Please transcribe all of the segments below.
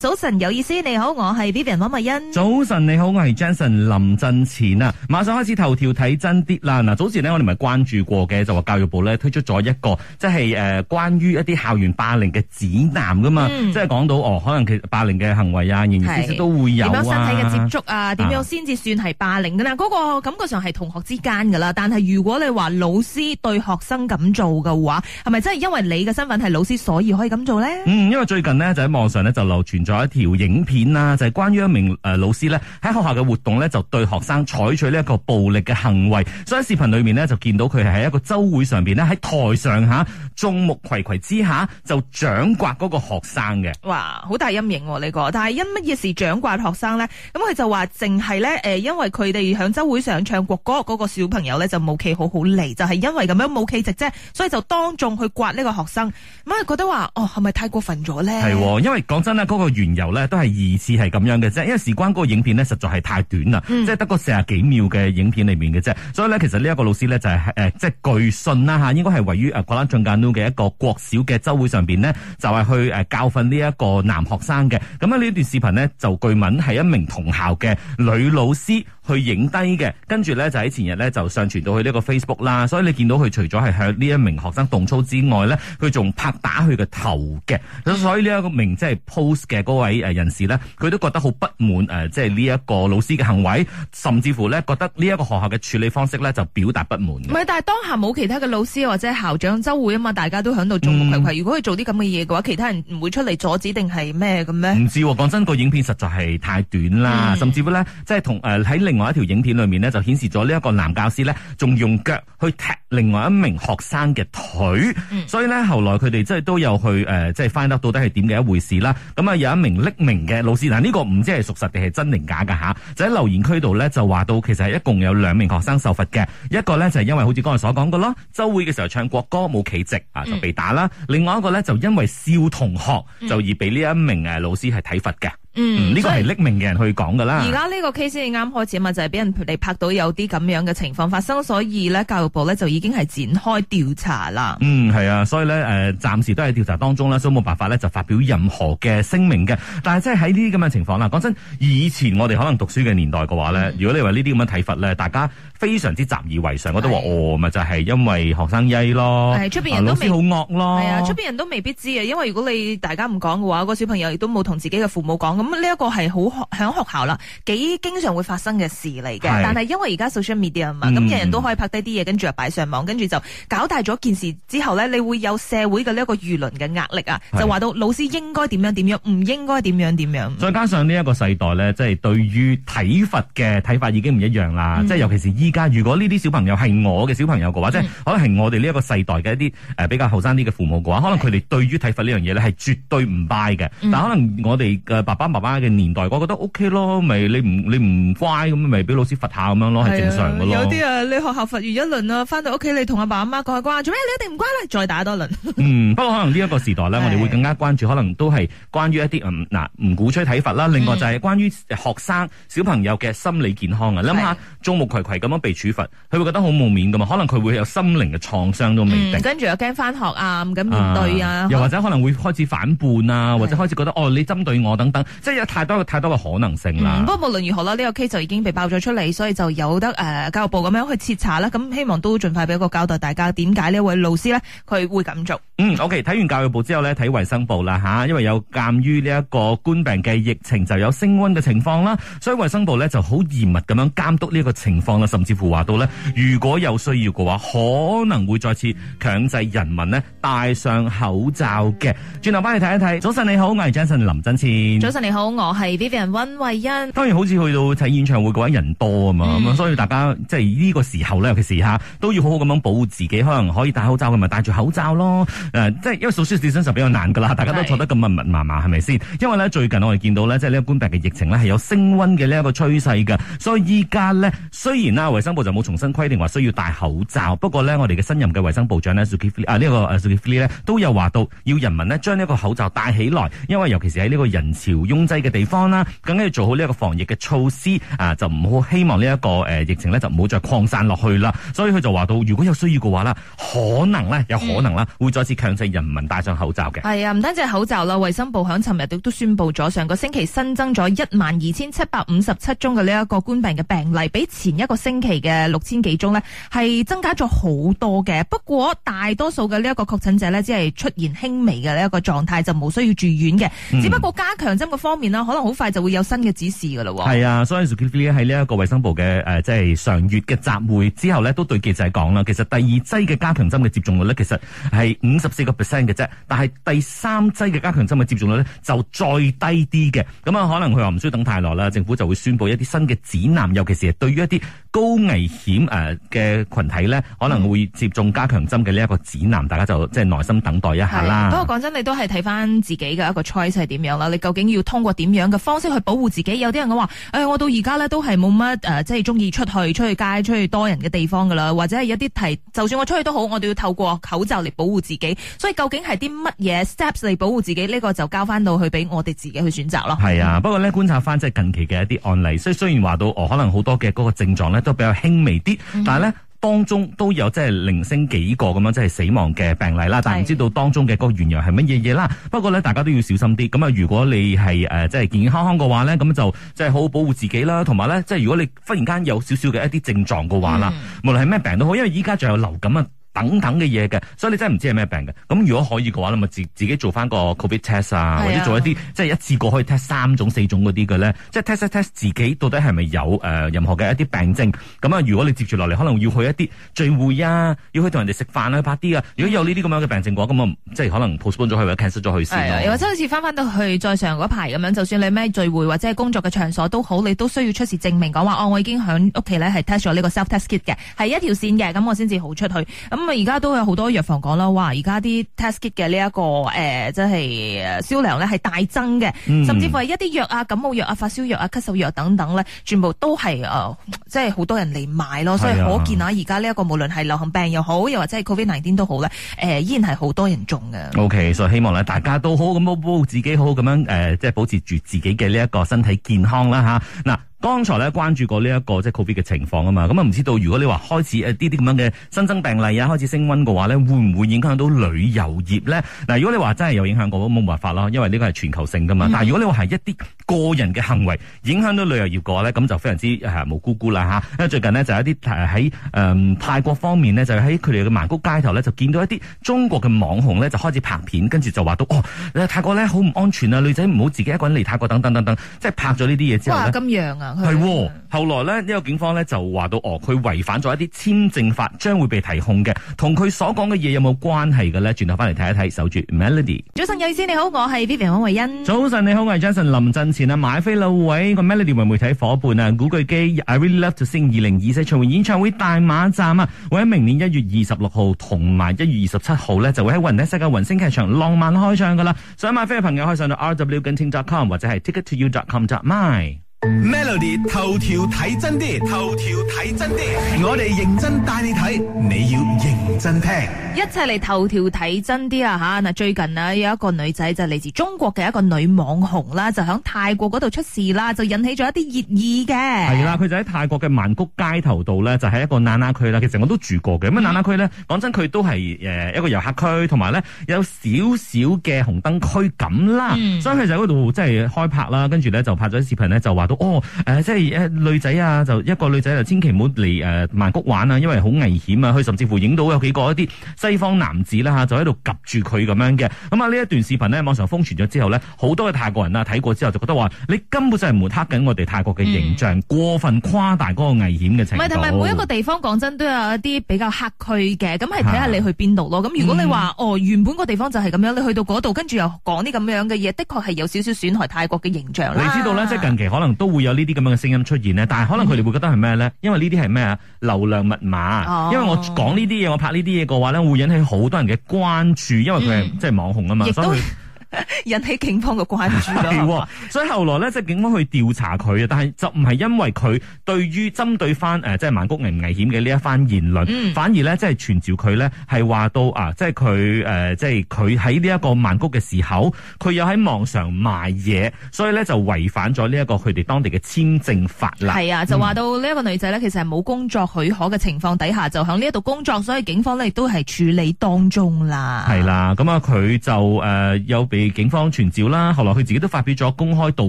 早晨有意思，你好，我係 Vivian 黃麗欣。早晨你好，我係 Johnson 林振前啊！馬上開始頭條睇真啲啦。嗱，早前呢，我哋咪關注過嘅，就話教育部咧推出咗一個，即係誒、呃、關於一啲校園霸凌嘅指南噶嘛，嗯、即係講到哦，可能其實霸凌嘅行為啊，仍然實都會有啊，點樣身體嘅接觸啊，點樣先至算係霸凌嘅、啊、嗱。嗰、啊那個感覺上候係同學之間噶啦，但係如果你話老師對學生咁做嘅話，係咪真係因為你嘅身份係老師，所以可以咁做咧？嗯，因為最近呢，就喺網上呢，就流傳。仲有一條影片啦，就係、是、關於一名誒、呃、老師咧喺學校嘅活動咧，就對學生採取呢一個暴力嘅行為。所以視頻裏面呢，就見到佢係喺一個周會上邊呢，喺台上吓眾目睽睽之下就掌摑嗰個學生嘅。哇，好大陰影呢、啊這個！但係因乜嘢事掌摑學生呢？咁、嗯、佢就話淨係咧誒，因為佢哋響周會上唱國歌嗰、那個小朋友咧就冇企好好嚟，就係、是、因為咁樣冇企直啫，所以就當眾去刮呢個學生。咁、嗯、佢覺得話哦，係咪太過分咗咧？係、哦，因為講真啦，嗰、那個。原由咧都係二次係咁樣嘅啫，因為事關嗰個影片呢實在係太短啦，即係得四十幾秒嘅影片裏面嘅啫，所以咧其實呢一個老師咧就係誒即係據信啦吓，應該係位於誒 Guadalajara 嘅一個國小嘅周會上邊呢，就係、是、去誒、呃、教訓呢一個男學生嘅。咁啊呢段視頻呢，就據聞係一名同校嘅女老師。嗯呃去影低嘅，跟住咧就喺前日咧就上傳到去呢個 Facebook 啦。所以你見到佢除咗係向呢一名學生動粗之外咧，佢仲拍打佢嘅頭嘅。所以呢一個名即係 post 嘅嗰位誒人士咧，佢都覺得好不滿誒、呃、即係呢一個老師嘅行為，甚至乎咧覺得呢一個學校嘅處理方式咧就表達不滿。唔係，但係當下冇其他嘅老師或者校長周會啊嘛，大家都響度做個葵、嗯、如果佢做啲咁嘅嘢嘅話，其他人唔會出嚟阻止定係咩咁樣。唔知講真個影片實在係太短啦，嗯、甚至乎咧即係同誒喺另。呃另外一條影片裏面呢，就顯示咗呢一個男教師呢，仲用腳去踢另外一名學生嘅腿，嗯，所以呢，後來佢哋即係都有去誒，即係 find out 到底係點嘅一回事啦。咁、嗯、啊，有一名匿名嘅老師，嗱呢個唔知係屬實定係真定假噶吓，就喺留言區度呢，就話到，其實係一共有兩名學生受罰嘅，一個呢，就係、是、因為好似剛才所講嘅咯，周會嘅時候唱國歌冇企直啊就被打啦，嗯，另外一個呢，就因為笑同學就而俾呢一名誒老師係體罰嘅。呢、嗯這個係匿名嘅人去講噶啦。而家呢個 case 先係啱開始啊嘛，就係、是、俾人哋拍到有啲咁樣嘅情況發生，所以呢教育部呢就已經係展開調查啦。嗯，係啊，所以呢誒，暫、呃、時都喺調查當中啦，所以冇辦法呢就發表任何嘅聲明嘅。但係即係喺呢啲咁嘅情況啦，講真，以前我哋可能讀書嘅年代嘅話呢、嗯，如果你話呢啲咁嘅睇法呢，大家非常之習以為常，我、啊、都話哦，咪就係、是、因為學生曳咯、啊啊，老師好惡咯，係啊，出邊人都未必知啊，因為如果你大家唔講嘅話，個小朋友亦都冇同自己嘅父母講咁。咁呢一個係好喺學校啦，幾經常會發生嘅事嚟嘅。但係因為而家 social media 啊嘛，咁、嗯、人人都可以拍低啲嘢，跟住又擺上網，跟住就搞大咗件事之後咧，你會有社會嘅呢一個輿論嘅壓力啊，就話到老師應該點樣點樣，唔應該點樣點樣。再加上呢一個世代咧，即、就、係、是、對於體罰嘅睇法已經唔一樣啦。即、嗯、係尤其是依家，如果呢啲小朋友係我嘅小朋友嘅話，嗯、即係可能係我哋呢一個世代嘅一啲誒比較後生啲嘅父母嘅話，可能佢哋對於體罰呢樣嘢咧係絕對唔 buy 嘅。但可能我哋嘅爸爸，爸爸嘅年代，我覺得 O K 咯，咪你唔你唔乖咁咪俾老師罰下咁樣咯，係正常嘅咯、啊。有啲啊，你學校罰完一輪啊，翻到屋企你同阿爸阿媽講下，做咩你一定唔乖啦？再打多輪。嗯，不過可能呢一個時代咧，我哋會更加關注，可能都係關於一啲嗱，唔、嗯啊、鼓吹體罰啦。另外就係關於學生、嗯、小朋友嘅心理健康啊。諗下眾目睽睽咁樣被處罰，佢會覺得好冇面噶嘛？可能佢會有心靈嘅創傷都未定。跟、嗯、住又驚翻學啊，唔敢面對啊，啊，又或者可能會開始反叛啊，或者開始覺得哦，你針對我等等。即係有太多太多嘅可能性啦。不、嗯、過無論如何啦，呢、這個 case 就已經被爆咗出嚟，所以就有得誒、呃、教育部咁樣去徹查啦。咁希望都盡快俾一個交代，大家點解呢位老師咧佢會咁做。嗯，OK，睇完教育部之後咧，睇衛生部啦吓、啊，因為有鑒於呢一個冠病嘅疫情就有升温嘅情況啦，所以衛生部咧就好嚴密咁樣監督呢個情況啦，甚至乎話到咧，如果有需要嘅話，可能會再次強制人民呢戴上口罩嘅。轉頭翻去睇一睇，早晨你好，我係 Jason 林振倩。早晨你。你好，我係 Vivian 溫慧欣。當然，好似去到睇演唱會嗰陣人多啊嘛，咁、嗯、所以大家即係呢個時候咧，尤其是吓，都要好好咁樣保護自己。可能可以戴口罩嘅咪戴住口罩咯。誒、uh，即係因為數舒適健身室比較難噶啦，大家都坐得咁密密麻麻，係咪先？因為咧最近我哋見到咧，即係呢個冠病嘅疫情咧係有升溫嘅呢一個趨勢噶。所以依家咧，雖然啊衛生部就冇重新規定話需要戴口罩，不過咧，我哋嘅新任嘅衛生部長咧，蘇吉菲啊呢、蘇吉菲咧、啊啊啊啊啊啊，都有話到要人民呢將呢個口罩戴起來，因為尤其是喺呢個人潮控制嘅地方啦，更加要做好呢一個防疫嘅措施啊，就唔好希望呢一個誒疫情咧就唔好再擴散落去啦。所以佢就話到，如果有需要嘅話啦，可能咧有可能啦，會再次強制人民戴上口罩嘅。係、嗯、啊，唔單止係口罩啦，衛生部響尋日亦都宣布咗，上個星期新增咗一萬二千七百五十七宗嘅呢一個冠病嘅病例，比前一個星期嘅六千幾宗咧係增加咗好多嘅。不過大多數嘅呢一個確診者咧只係出現輕微嘅呢一個狀態，就冇需要住院嘅。只不過加強針嘅方面啦，可能好快就會有新嘅指示噶咯。係啊，所以 s 喺呢一個衛生部嘅誒，即、呃、係、就是、上月嘅集會之後咧，都對記者講啦。其實第二劑嘅加強針嘅接種率咧，其實係五十四個 percent 嘅啫。但係第三劑嘅加強針嘅接種率咧，就再低啲嘅。咁啊，可能佢話唔需要等太耐啦，政府就會宣布一啲新嘅指南，尤其是對於一啲高危險誒嘅群體咧、嗯，可能會接種加強針嘅呢一個指南，大家就即係耐心等待一下啦、啊。不過講真，你都係睇翻自己嘅一個 choice 係點樣啦。你究竟要通通過點樣嘅方式去保護自己？有啲人講話，誒、欸，我到而家咧都係冇乜誒，即係中意出去出去街出去多人嘅地方噶啦，或者係一啲提，就算我出去都好，我哋要透過口罩嚟保護自己。所以究竟係啲乜嘢 steps 嚟保護自己？呢個就交翻到去俾我哋自己去選擇咯。係啊，不過咧觀察翻即係近期嘅一啲案例，所以雖然話到，哦，可能好多嘅嗰個症狀咧都比較輕微啲、嗯，但係咧。當中都有即係零星幾個咁樣即係死亡嘅病例啦，但係唔知道當中嘅嗰個原由係乜嘢嘢啦。不過咧，大家都要小心啲。咁啊，如果你係誒即係健健康康嘅話咧，咁就即係好好保護自己啦。同埋咧，即係如果你忽然間有少少嘅一啲症狀嘅話啦，無論係咩病都好，因為依家仲有流感啊。等等嘅嘢嘅，所以你真係唔知係咩病嘅。咁如果可以嘅話，你咪自己自己做翻個 Covid test 啊，啊，或者做一啲、嗯、即係一次過可以 test 三種四種嗰啲嘅咧，即係 test 一 test 自己到底係咪有誒、呃、任何嘅一啲病症。咁啊，如果你接住落嚟可能要去一啲聚會啊，要去同人哋食飯啊，去拍啲啊，如果有呢啲咁樣嘅病症嘅話，咁啊，即係可能 postpone 咗去或者 cancel 咗去先、啊。又、嗯嗯嗯嗯、或者好似翻翻到去再上嗰排咁樣，就算你咩聚會或者工作嘅場所都好，你都需要出示證明，講話哦，我已經響屋企咧係 test 咗呢個 self test kit 嘅，係一條線嘅，咁我先至好出去咁。嗯因為而家都有好多藥房講啦，哇！而家啲 test kit 嘅呢一個誒、呃，即係銷量咧係大增嘅、嗯，甚至乎係一啲藥啊，感冒藥啊，發燒藥啊，咳嗽藥等等咧，全部都係誒、呃，即係好多人嚟買咯、啊，所以可見啊、這個，而家呢一個無論係流行病又好，又或者係 COVID nineteen 都好咧，誒、呃、依然係好多人中嘅。O、okay, K，所以希望咧，大家都好咁保自己好，好好咁樣誒，即係保持住自己嘅呢一個身體健康啦，吓嗱。剛才咧關注過呢一個即係 COVID 嘅情況啊嘛，咁啊唔知道如果你話開始誒呢啲咁樣嘅新增病例啊開始升溫嘅話咧，會唔會影響到旅遊業咧？嗱，如果你話真係有影響過，冇辦法啦，因為呢個係全球性噶嘛、嗯。但係如果你話係一啲個人嘅行為影響到旅遊業嘅話咧，咁就非常之冇無辜辜啦吓。因為最近呢，就有啲喺誒泰國方面呢，就喺佢哋嘅曼谷街頭咧就見到一啲中國嘅網紅咧就開始拍片，跟住就話到哦，你泰國咧好唔安全啊，女仔唔好自己一個人嚟泰國等等等等，即係拍咗呢啲嘢之後咧，咁樣啊。係、哦、後來咧，呢、這個警方咧就話到，哦，佢違反咗一啲簽證法，將會被提控嘅。同佢所講嘅嘢有冇關係嘅咧？轉頭翻嚟睇一睇，守住 Melody。早晨，有先。你好，我係 Vivian 黃慧欣。早晨你好，我係 Jason 林振前啊。買飛啦，位個 Melody 媒體伙伴啊，古巨基，I really love to sing 二零二四巡回演唱會大馬站啊，會喺明年一月二十六號同埋一月二十七號咧，就會喺雲頂世界雲星劇場浪漫開唱噶啦。想買飛嘅朋友可以上到 r w genting dot com 或者係 ticket to you dot com dot my Melody 頭條睇真啲，頭條睇真啲，我哋認真帶你睇，你要認真聽。一齊嚟頭條睇真啲啊吓！嗱，最近啊有一個女仔就嚟自中國嘅一個女網紅啦，就喺泰國嗰度出事啦，就引起咗一啲熱議嘅。係啦，佢就喺泰國嘅曼谷街頭度咧，就喺、是、一個娜娜區啦。其實我都住過嘅，咁娜娜區咧，講真佢都係誒一個遊客區，同埋咧有少少嘅紅燈區咁啦、嗯。所以佢就喺度即係開拍啦，跟住咧就拍咗啲視頻咧，就話。哦，誒、呃，即係誒、呃、女仔啊，就一個女仔就千祈唔好嚟誒曼谷玩啊，因為好危險啊。佢甚至乎影到有幾個一啲西方男子啦、啊、嚇，就喺度及住佢咁樣嘅。咁、嗯、啊，呢一段視頻呢，網上瘋傳咗之後呢，好多嘅泰國人啊睇過之後就覺得話，你根本就係抹黑緊我哋泰國嘅形象，嗯、過分誇大嗰個危險嘅情況。唔係，係每一個地方講真都有一啲比較黑區嘅？咁係睇下你去邊度咯。咁、啊、如果你話、嗯、哦，原本個地方就係咁樣，你去到嗰度跟住又講啲咁樣嘅嘢，的確係有少少損害泰國嘅形象啦。你知道呢，即係近期可能。都會有呢啲咁樣嘅聲音出現咧，但係可能佢哋會覺得係咩咧？因為呢啲係咩啊？流量密碼。哦、因為我講呢啲嘢，我拍呢啲嘢嘅話咧，會引起好多人嘅關注，因為佢係、嗯、即係網紅啊嘛，所以佢。 引起警方嘅關注咯，所以後來咧，即係警方去調查佢啊。但係就唔係因為佢對於針對翻誒，即係曼谷危唔危險嘅呢一番言論，嗯，反而咧即係傳召佢咧係話到啊，即係佢誒，即係佢喺呢一個曼谷嘅時候，佢又喺網上賣嘢，所以咧就違反咗呢一個佢哋當地嘅簽證法啦。係啊，就話到呢一個女仔咧，其實係冇工作許可嘅情況底下，就喺呢一度工作，所以警方咧亦都係處理當中啦。係啦，咁啊，佢就誒有被警方傳召啦，後來佢自己都發表咗公開道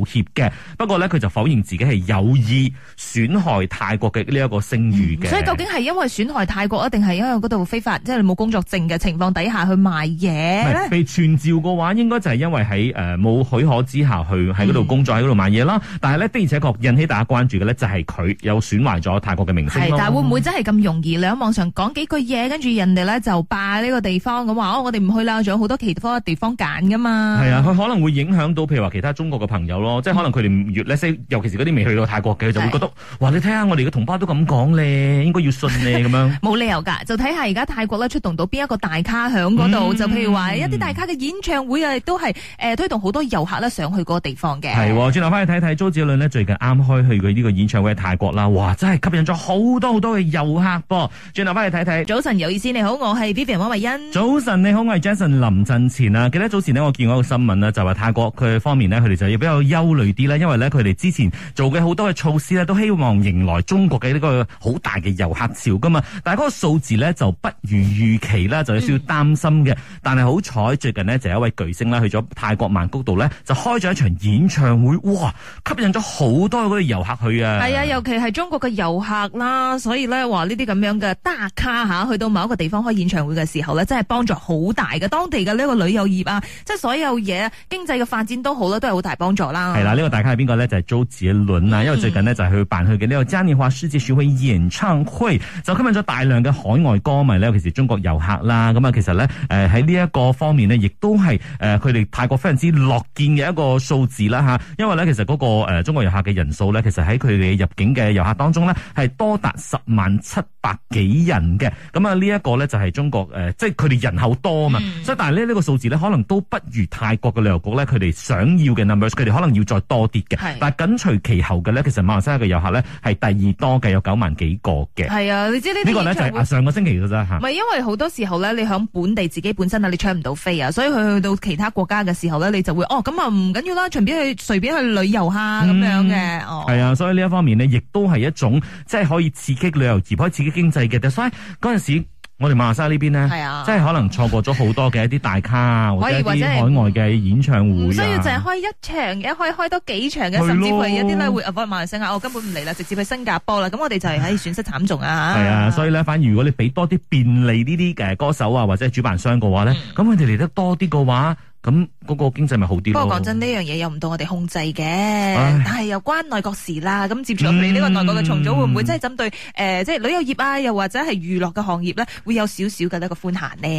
歉嘅。不過呢，佢就否認自己係有意損害泰國嘅呢一個聲譽嘅。所以究竟係因為損害泰國啊，定係因為嗰度非法，即係冇工作證嘅情況底下去賣嘢？被傳召嘅話，應該就係因為喺誒冇許可之下去喺嗰度工作，喺嗰度賣嘢啦。但係呢，的而且確引起大家關注嘅呢，就係佢有損壞咗泰國嘅名聲。但係會唔會真係咁容易？你喺網上講幾句嘢，跟住人哋呢就霸呢個地方咁話、哦、我哋唔去啦，仲有好多其他地方揀噶嘛？係啊，佢可能會影響到，譬如話其他中國嘅朋友咯，即係可能佢哋越咧，尤其是嗰啲未去到泰國嘅，就會覺得，哇！你睇下我哋嘅同胞都咁講咧，應該要信你咁樣。冇 理由噶，就睇下而家泰國咧出動到邊一個大咖響嗰度，就譬如話一啲大咖嘅演唱會啊，亦都係誒、呃、推動好多遊客咧上去嗰個地方嘅。係、啊，轉頭翻去睇睇，周杰倫呢，最近啱開去嘅呢個演唱會喺泰國啦，哇！真係吸引咗好多好多嘅遊客噃。轉頭翻去睇睇，早晨有意思，你好，我係 Vivian 溫慧欣。早晨你好，我係 Jason 林振前啊，記得早前呢，我見。嗰、那個新聞呢，就話泰國佢方面呢，佢哋就要比較憂慮啲啦，因為呢，佢哋之前做嘅好多嘅措施呢，都希望迎來中國嘅呢個好大嘅遊客潮㗎嘛，但係嗰個數字呢，就不如預期啦，就有少少擔心嘅、嗯。但係好彩最近呢，就有一位巨星啦，去咗泰國曼谷度呢，就開咗一場演唱會，哇！吸引咗好多嗰啲遊客去啊。係啊，尤其係中國嘅遊客啦，所以呢，話呢啲咁樣嘅打卡吓，去到某一個地方開演唱會嘅時候呢，真係幫助好大嘅當地嘅呢個旅遊業啊！即係所以。呢有嘢，經濟嘅發展都好啦，都係好大幫助啦。係啦，這個、呢個大咖係邊個咧？就係、是、周杰倫啦。因、嗯、為最近呢，就係、是、去辦佢嘅呢個嘉年華世界巡迴演唱會，就吸引咗大量嘅海外歌迷咧，尤其是中國遊客啦。咁啊，其實咧，誒喺呢一個方面呢，亦都係誒佢哋泰國非常之樂見嘅一個數字啦吓、啊。因為咧，其實嗰、那個誒、呃、中國遊客嘅人數咧，其實喺佢哋入境嘅遊客當中咧，係多達十萬七百幾人嘅。咁啊，呢一個咧就係、是、中國誒、呃，即係佢哋人口多啊嘛、嗯。所以但係咧呢、這個數字咧，可能都不如。泰國嘅旅遊局咧，佢哋想要嘅 number，佢哋可能要再多啲嘅。但係緊隨其後嘅咧，其實馬來西亞嘅遊客咧係第二多嘅，有九萬幾個嘅。係啊，你知呢呢個呢？呢個咧就係上個星期嘅啫嚇。唔係，因為好多時候咧，你喺本地自己本身啊，你搶唔到飛啊，所以佢去到其他國家嘅時候咧，你就會哦，咁啊唔緊要啦，隨便去隨便去旅遊下咁樣嘅。哦，係啊，所以呢一方面呢，亦都係一種即係可以刺激旅遊業，可以刺激經濟嘅。但係嗰陣時。我哋馬來西亞呢邊咧、啊，即係可能錯過咗好多嘅一啲大咖 啊，或者一啲海外嘅演唱會唔需要淨係開一場，一場，可以開多幾場嘅、啊，甚至係有啲咧會 avoid 馬來西亞，我、哦、根本唔嚟啦，直接去新加坡啦。咁我哋就係喺損失慘重啊！吓係啊，啊，所以咧，反而如果你俾多啲便利呢啲嘅歌手啊，或者係主辦商嘅話咧，咁佢哋嚟得多啲嘅話。咁嗰、那個經濟咪好啲咯。不過講真，呢樣嘢又唔到我哋控制嘅，但係又關內閣事啦。咁接住落嚟呢個內閣嘅重組、嗯、會唔會真係針對誒、即、呃、係、就是、旅遊業啊，又或者係娛樂嘅行業咧、啊，會有少少嘅一點點呢、那個寬限呢